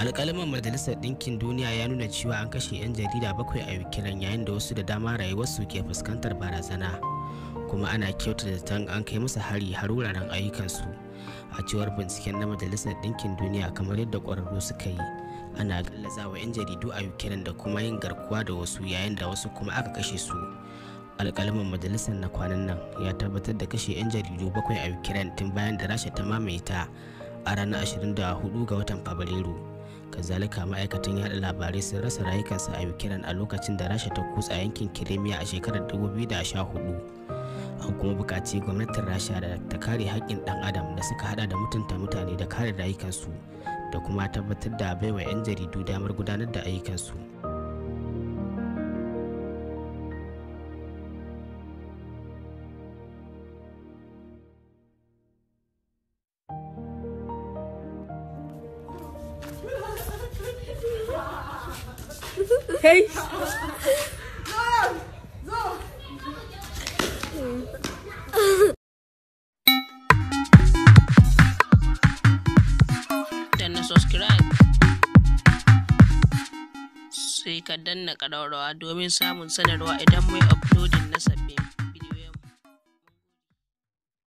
alƙalaman majalisar ɗinkin duniya ya nuna cewa an kashe 'yan jarida bakwai a ukraine yayin da wasu da dama rayuwarsu ke fuskantar barazana kuma ana da zaton an kai masa hari har wuraren ayyukansu a cewar binciken na majalisar ɗinkin duniya kamar yadda kwararru suka yi ana gallaza wa 'yan jaridu a ukraine da kuma yin garkuwa da wasu yayin da wasu kuma aka kashe su alƙalamin majalisar na kwanan nan ya tabbatar da kashe 'yan jaridu bakwai a ukraine tun bayan da rasha ta mamaye ta a ranar 24 ga watan fabrairu kazalika ma'aikatan yada labarai sun rasa rayukansu a ukraine a lokacin da rasha ta kutsa yankin kirimiya a shekarar 2014 kuma buƙaci gwamnatin rasha da ta kare haƙƙin ɗan adam da suka hada da mutunta mutane da kare rayukansu da kuma tabbatar da baiwa 'yan jaridu damar gudanar da ayyukansu Hey! sai ka danna ƙararrawa domin samun sanarwa idan mai uploading na sabbin